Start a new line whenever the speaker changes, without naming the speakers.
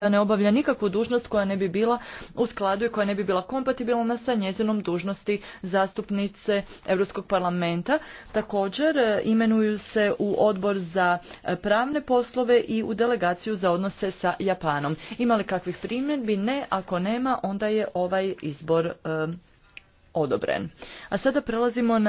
da ne obavlja nikakvu dužnost koja ne bi bila u skladu i koja ne bi bila kompatibilna sa njezinom dužnosti zastupnice Europskog parlamenta. Također e, imenuju se u odbor za e, pravne poslove i u delegaciju za odnose sa Japanom. Ima li kakvih primjedbi? Ne. Ako nema, onda je ovaj izbor e, odobren. A sada prelazimo na